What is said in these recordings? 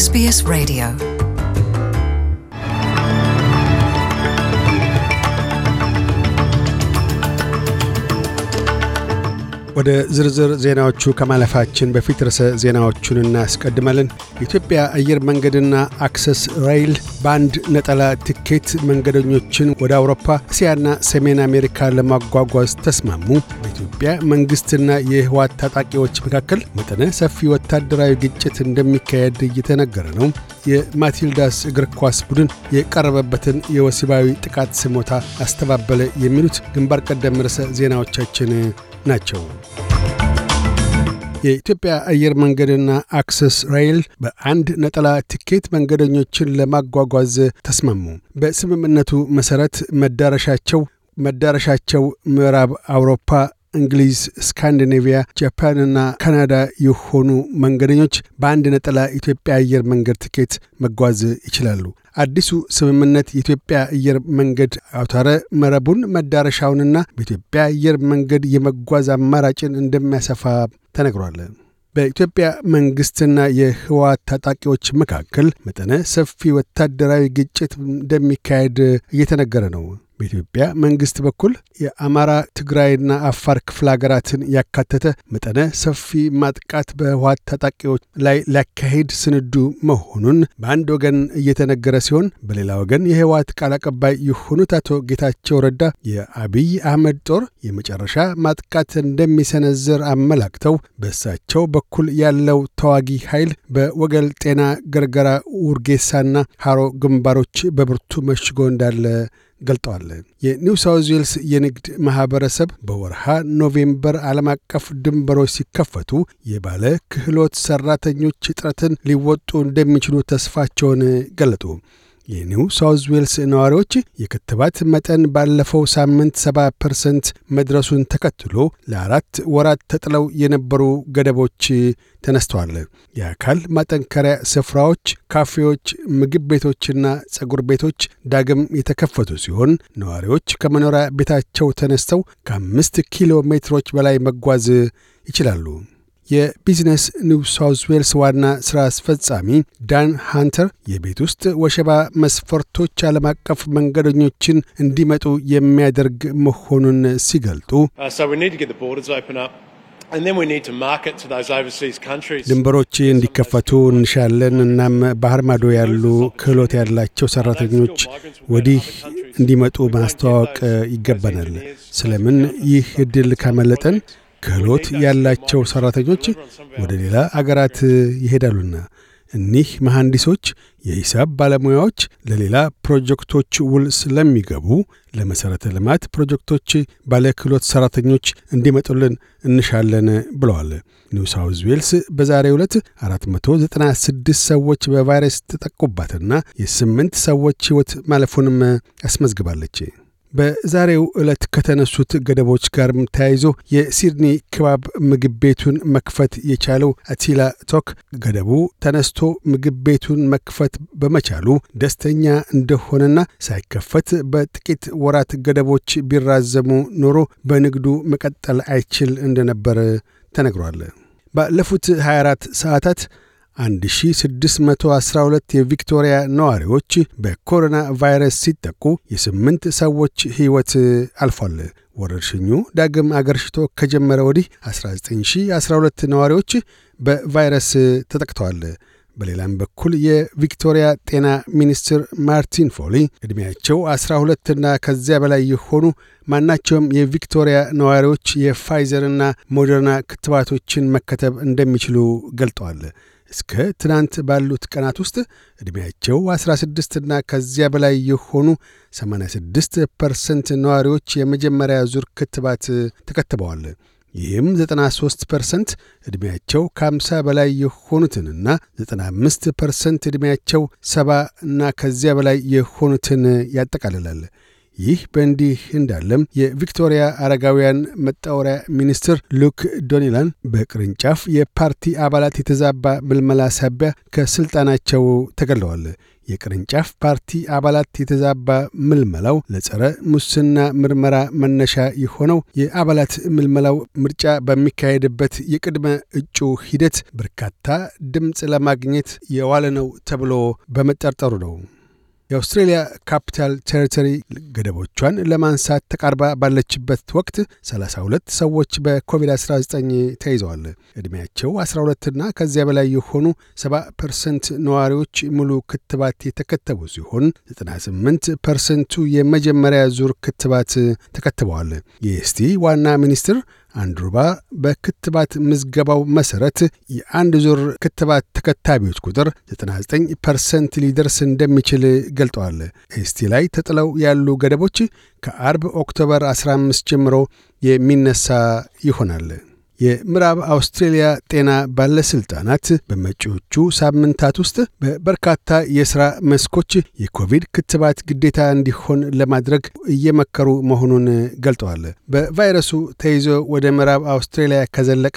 SBS Radio ወደ ዝርዝር ዜናዎቹ ከማለፋችን በፊት ርዕሰ ዜናዎቹን እናስቀድመልን የኢትዮጵያ አየር መንገድና አክሰስ ራይል በአንድ ነጠላ ቲኬት መንገደኞችን ወደ አውሮፓ፣ እስያና ሰሜን አሜሪካ ለማጓጓዝ ተስማሙ። በኢትዮጵያ መንግሥትና የህዋት ታጣቂዎች መካከል መጠነ ሰፊ ወታደራዊ ግጭት እንደሚካሄድ እየተነገረ ነው። የማቲልዳስ እግር ኳስ ቡድን የቀረበበትን የወሲባዊ ጥቃት ስሞታ አስተባበለ። የሚሉት ግንባር ቀደም ርዕሰ ዜናዎቻችን ናቸው። የኢትዮጵያ አየር መንገድና አክሰስ ራይል በአንድ ነጠላ ትኬት መንገደኞችን ለማጓጓዝ ተስማሙ። በስምምነቱ መሠረት መዳረሻቸው መዳረሻቸው ምዕራብ አውሮፓ እንግሊዝ፣ ስካንዲኔቪያ፣ ጃፓንና ካናዳ የሆኑ መንገደኞች በአንድ ነጠላ ኢትዮጵያ አየር መንገድ ትኬት መጓዝ ይችላሉ። አዲሱ ስምምነት የኢትዮጵያ አየር መንገድ አውታረ መረቡን መዳረሻውንና በኢትዮጵያ አየር መንገድ የመጓዝ አማራጭን እንደሚያሰፋ ተነግሯል። በኢትዮጵያ መንግስትና የህወሓት ታጣቂዎች መካከል መጠነ ሰፊ ወታደራዊ ግጭት እንደሚካሄድ እየተነገረ ነው። በኢትዮጵያ መንግስት በኩል የአማራ ትግራይና አፋር ክፍለ ሀገራትን ያካተተ መጠነ ሰፊ ማጥቃት በህወሓት ታጣቂዎች ላይ ሊያካሄድ ስንዱ መሆኑን በአንድ ወገን እየተነገረ ሲሆን፣ በሌላ ወገን የህወሓት ቃል አቀባይ የሆኑት አቶ ጌታቸው ረዳ የአብይ አህመድ ጦር የመጨረሻ ማጥቃት እንደሚሰነዝር አመላክተው በእሳቸው በኩል ያለው ተዋጊ ኃይል በወገል ጤና፣ ገርገራ፣ ውርጌሳና ሀሮ ግንባሮች በብርቱ መሽጎ እንዳለ ገልጠዋል። የኒው ሳውዝ ዌልስ የንግድ ማኅበረሰብ በወርሃ ኖቬምበር ዓለም አቀፍ ድንበሮች ሲከፈቱ የባለ ክህሎት ሠራተኞች እጥረትን ሊወጡ እንደሚችሉ ተስፋቸውን ገለጡ። የኒው ሳውዝ ዌልስ ነዋሪዎች የክትባት መጠን ባለፈው ሳምንት 70 ፐርሰንት መድረሱን ተከትሎ ለአራት ወራት ተጥለው የነበሩ ገደቦች ተነስተዋል። የአካል ማጠንከሪያ ስፍራዎች፣ ካፌዎች፣ ምግብ ቤቶችና ጸጉር ቤቶች ዳግም የተከፈቱ ሲሆን ነዋሪዎች ከመኖሪያ ቤታቸው ተነስተው ከአምስት ኪሎ ሜትሮች በላይ መጓዝ ይችላሉ። የቢዝነስ ኒው ሳውዝ ዌልስ ዋና ሥራ አስፈጻሚ ዳን ሃንተር የቤት ውስጥ ወሸባ መስፈርቶች ዓለም አቀፍ መንገደኞችን እንዲመጡ የሚያደርግ መሆኑን ሲገልጡ uh, ድንበሮች እንዲከፈቱ እንሻለን። እናም ባህር ማዶ ያሉ ክህሎት ያላቸው ሰራተኞች ወዲህ እንዲመጡ ማስተዋወቅ ይገባናል። ስለምን ይህ እድል ካመለጠን ክህሎት ያላቸው ሠራተኞች ወደ ሌላ አገራት ይሄዳሉና እኒህ መሐንዲሶች፣ የሂሳብ ባለሙያዎች ለሌላ ፕሮጀክቶች ውል ስለሚገቡ ለመሠረተ ልማት ፕሮጀክቶች ባለክህሎት ሠራተኞች እንዲመጡልን እንሻለን ብለዋል። ኒው ሳውዝ ዌልስ በዛሬ ዕለት 496 ሰዎች በቫይረስ ተጠቁባትና የስምንት ሰዎች ሕይወት ማለፉንም አስመዝግባለች። በዛሬው ዕለት ከተነሱት ገደቦች ጋርም ተያይዞ የሲድኒ ክባብ ምግብ ቤቱን መክፈት የቻለው አቲላ ቶክ ገደቡ ተነስቶ ምግብ ቤቱን መክፈት በመቻሉ ደስተኛ እንደሆነና ሳይከፈት በጥቂት ወራት ገደቦች ቢራዘሙ ኖሮ በንግዱ መቀጠል አይችል እንደነበር ተነግሯል። ባለፉት 24 ሰዓታት 1612 የቪክቶሪያ ነዋሪዎች በኮሮና ቫይረስ ሲጠቁ የስምንት ሰዎች ሕይወት አልፏል። ወረርሽኙ ዳግም አገርሽቶ ከጀመረ ወዲህ 19012 ነዋሪዎች በቫይረስ ተጠቅተዋል። በሌላም በኩል የቪክቶሪያ ጤና ሚኒስትር ማርቲን ፎሊ ዕድሜያቸው 12ና ከዚያ በላይ የሆኑ ማናቸውም የቪክቶሪያ ነዋሪዎች የፋይዘርና ሞደርና ክትባቶችን መከተብ እንደሚችሉ ገልጠዋል። እስከ ትናንት ባሉት ቀናት ውስጥ ዕድሜያቸው 16 እና ከዚያ በላይ የሆኑ 86 ፐርሰንት ነዋሪዎች የመጀመሪያ ዙር ክትባት ተከትበዋል። ይህም 93 ፐርሰንት ዕድሜያቸው ከ50 በላይ የሆኑትንና 95 ፐርሰንት ዕድሜያቸው 70 እና ከዚያ በላይ የሆኑትን ያጠቃልላል። ይህ በእንዲህ እንዳለም የቪክቶሪያ አረጋውያን መጣወሪያ ሚኒስትር ሉክ ዶኒላን በቅርንጫፍ የፓርቲ አባላት የተዛባ ምልመላ ሳቢያ ከስልጣናቸው ተገለዋል። የቅርንጫፍ ፓርቲ አባላት የተዛባ ምልመላው ለጸረ ሙስና ምርመራ መነሻ የሆነው የአባላት ምልመላው ምርጫ በሚካሄድበት የቅድመ እጩ ሂደት በርካታ ድምፅ ለማግኘት የዋለ ነው ተብሎ በመጠርጠሩ ነው። የአውስትሬሊያ ካፒታል ቴሪቶሪ ገደቦቿን ለማንሳት ተቃርባ ባለችበት ወቅት 32 ሰዎች በኮቪድ-19 ተይዘዋል። ዕድሜያቸው 12ና ከዚያ በላይ የሆኑ 70 ፐርሰንት ነዋሪዎች ሙሉ ክትባት የተከተቡ ሲሆን 98 ፐርሰንቱ የመጀመሪያ ዙር ክትባት ተከትበዋል። የኤስቲ ዋና ሚኒስትር አንድሩባ በክትባት ምዝገባው መሠረት የአንድ ዙር ክትባት ተከታቢዎች ቁጥር 99 ፐርሰንት ሊደርስ እንደሚችል ገልጠዋል። ኤስቲ ላይ ተጥለው ያሉ ገደቦች ከአርብ ኦክቶበር 15 ጀምሮ የሚነሳ ይሆናል። የምዕራብ አውስትሬልያ ጤና ባለሥልጣናት በመጪዎቹ ሳምንታት ውስጥ በበርካታ የሥራ መስኮች የኮቪድ ክትባት ግዴታ እንዲሆን ለማድረግ እየመከሩ መሆኑን ገልጠዋል። በቫይረሱ ተይዞ ወደ ምዕራብ አውስትሬልያ ከዘለቀ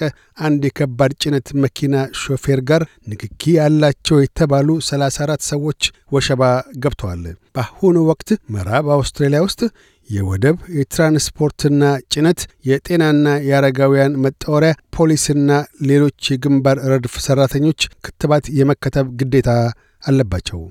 አንድ የከባድ ጭነት መኪና ሾፌር ጋር ንክኪ ያላቸው የተባሉ 34 ሰዎች ወሸባ ገብተዋል። በአሁኑ ወቅት ምዕራብ አውስትራሊያ ውስጥ የወደብ የትራንስፖርትና ጭነት፣ የጤናና የአረጋውያን መጣወሪያ ፖሊስና ሌሎች የግንባር ረድፍ ሠራተኞች ክትባት የመከተብ ግዴታ አለባቸው።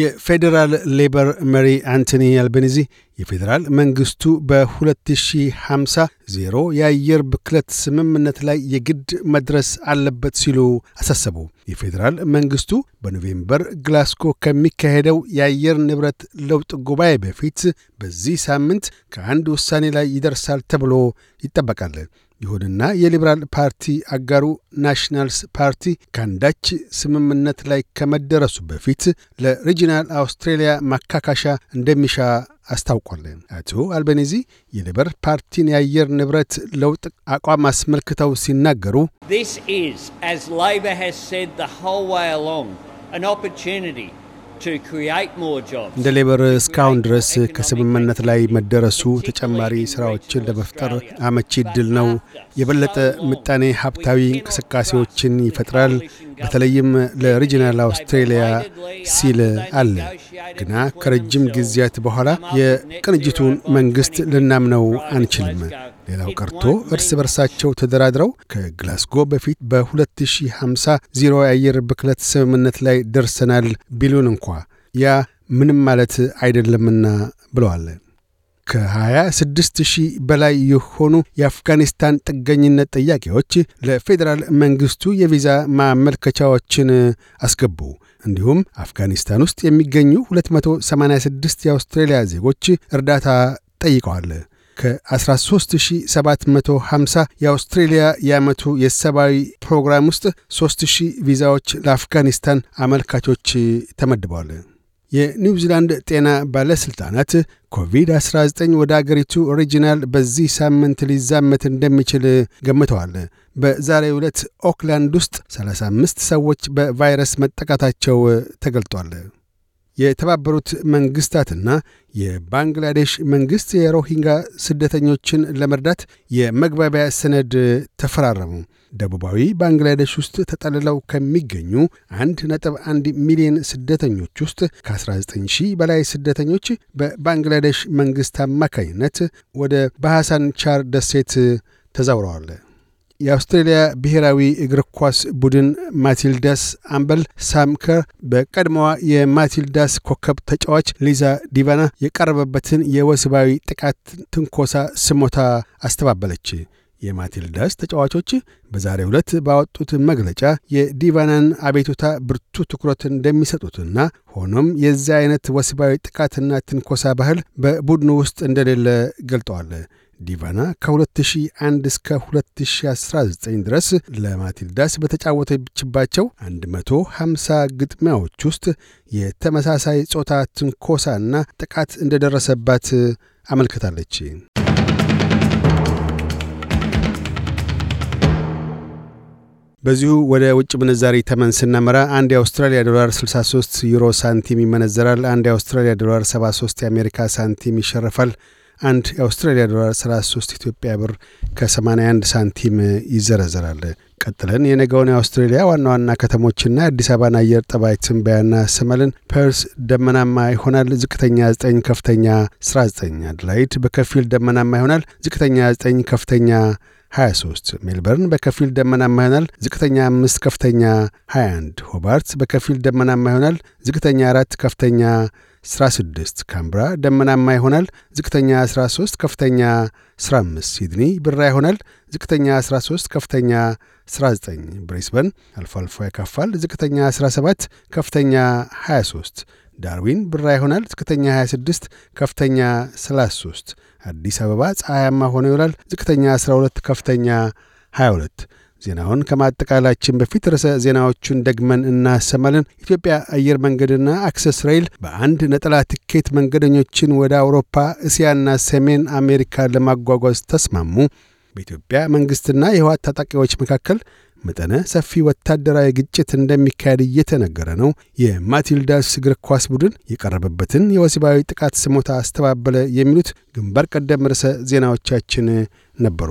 የፌዴራል ሌበር መሪ አንቶኒ አልቤኒዚ የፌዴራል መንግስቱ በ2050 ዜሮ የአየር ብክለት ስምምነት ላይ የግድ መድረስ አለበት ሲሉ አሳሰቡ። የፌዴራል መንግስቱ በኖቬምበር ግላስኮ ከሚካሄደው የአየር ንብረት ለውጥ ጉባኤ በፊት በዚህ ሳምንት ከአንድ ውሳኔ ላይ ይደርሳል ተብሎ ይጠበቃል። ይሁንና የሊበራል ፓርቲ አጋሩ ናሽናልስ ፓርቲ ከአንዳች ስምምነት ላይ ከመደረሱ በፊት ለሪጂናል አውስትሬሊያ ማካካሻ እንደሚሻ አስታውቋል። አቶ አልቤኒዚ የሊበር ፓርቲን የአየር ንብረት ለውጥ አቋም አስመልክተው ሲናገሩ This is, as has said the whole way along, an opportunity እንደ ሌበር እስካሁን ድረስ ከስምምነት ላይ መደረሱ ተጨማሪ ስራዎችን ለመፍጠር አመቺ እድል ነው። የበለጠ ምጣኔ ሀብታዊ እንቅስቃሴዎችን ይፈጥራል። በተለይም ለሪጂናል አውስትሬሊያ ሲል አለ። ግና ከረጅም ጊዜያት በኋላ የቅንጅቱን መንግሥት ልናምነው አንችልም። ሌላው ቀርቶ እርስ በርሳቸው ተደራድረው ከግላስጎ በፊት በ2050 ዜሮ የአየር ብክለት ስምምነት ላይ ደርሰናል ቢሉን እንኳ ያ ምንም ማለት አይደለምና ብለዋል። ከ26 ሺህ በላይ የሆኑ የአፍጋኒስታን ጥገኝነት ጥያቄዎች ለፌዴራል መንግስቱ የቪዛ ማመልከቻዎችን አስገቡ። እንዲሁም አፍጋኒስታን ውስጥ የሚገኙ 286 የአውስትሬልያ ዜጎች እርዳታ ጠይቀዋል። ከ13750 የአውስትሬልያ የዓመቱ የሰብአዊ ፕሮግራም ውስጥ 3000 ቪዛዎች ለአፍጋኒስታን አመልካቾች ተመድበዋል። የኒውዚላንድ ጤና ባለሥልጣናት ኮቪድ-19 ወደ አገሪቱ ኦሪጂናል በዚህ ሳምንት ሊዛመት እንደሚችል ገምተዋል። በዛሬ ዕለት ኦክላንድ ውስጥ 35 ሰዎች በቫይረስ መጠቃታቸው ተገልጧል። የተባበሩት መንግስታትና የባንግላዴሽ መንግሥት የሮሂንጋ ስደተኞችን ለመርዳት የመግባቢያ ሰነድ ተፈራረሙ። ደቡባዊ ባንግላዴሽ ውስጥ ተጠልለው ከሚገኙ 1.1 ሚሊዮን ስደተኞች ውስጥ ከ19 ሺህ በላይ ስደተኞች በባንግላዴሽ መንግሥት አማካኝነት ወደ ባሐሳን ቻር ደሴት ተዛውረዋል። የአውስትሬልያ ብሔራዊ እግር ኳስ ቡድን ማቲልዳስ አምበል ሳምከር በቀድሞዋ የማቲልዳስ ኮከብ ተጫዋች ሊዛ ዲቫና የቀረበበትን የወስባዊ ጥቃት ትንኮሳ ስሞታ አስተባበለች። የማቲልዳስ ተጫዋቾች በዛሬ ዕለት ባወጡት መግለጫ የዲቫናን አቤቱታ ብርቱ ትኩረት እንደሚሰጡትና ሆኖም የዚያ አይነት ወስባዊ ጥቃትና ትንኮሳ ባህል በቡድኑ ውስጥ እንደሌለ ገልጠዋል። ዲቫና ከ2001 እስከ 2019 ድረስ ለማቲልዳስ በተጫወተችባቸው 150 ግጥሚያዎች ውስጥ የተመሳሳይ ጾታ ትንኮሳና ጥቃት እንደደረሰባት አመልክታለች። በዚሁ ወደ ውጭ ምንዛሪ ተመን ስናመራ አንድ የአውስትራሊያ ዶላር 63 ዩሮ ሳንቲም ይመነዘራል። አንድ የአውስትራሊያ ዶላር 73 የአሜሪካ ሳንቲም ይሸርፋል። አንድ የአውስትራሊያ ዶላር 33 ኢትዮጵያ ብር ከ81 ሳንቲም ይዘረዘራል። ቀጥለን የነገውን የአውስትሬሊያ ዋና ዋና ከተሞችና የአዲስ አበባን አየር ጠባይ ትንበያና ስመልን። ፐርስ ደመናማ ይሆናል። ዝቅተኛ 9 ከፍተኛ 19። አድላይድ በከፊል ደመናማ ይሆናል። ዝቅተኛ 9 ከፍተኛ 23 ሜልበርን በከፊል ደመናማ ይሆናል። ዝቅተኛ 5 ከፍተኛ 21 ሆባርት በከፊል ደመናማ ይሆናል። ዝቅተኛ 4 ከፍተኛ 16 ካምብራ ደመናማ ይሆናል። ዝቅተኛ 13፣ ከፍተኛ 15። ሲድኒ ብራ ይሆናል። ዝቅተኛ 13፣ ከፍተኛ 19። ብሬስበን አልፎ አልፎ ያካፋል። ዝቅተኛ 17፣ ከፍተኛ 23። ዳርዊን ብራ ይሆናል። ዝቅተኛ 26፣ ከፍተኛ 33። አዲስ አበባ ፀሐያማ ሆኖ ይውላል። ዝቅተኛ 12፣ ከፍተኛ 22። ዜናውን ከማጠቃላችን በፊት ርዕሰ ዜናዎቹን ደግመን እናሰማለን። ኢትዮጵያ አየር መንገድና አክሰስ ሬይል በአንድ ነጠላ ትኬት መንገደኞችን ወደ አውሮፓ፣ እስያና ሰሜን አሜሪካ ለማጓጓዝ ተስማሙ። በኢትዮጵያ መንግሥትና የህወሓት ታጣቂዎች መካከል መጠነ ሰፊ ወታደራዊ ግጭት እንደሚካሄድ እየተነገረ ነው። የማቲልዳስ እግር ኳስ ቡድን የቀረበበትን የወሲባዊ ጥቃት ስሞታ አስተባበለ። የሚሉት ግንባር ቀደም ርዕሰ ዜናዎቻችን ነበሩ።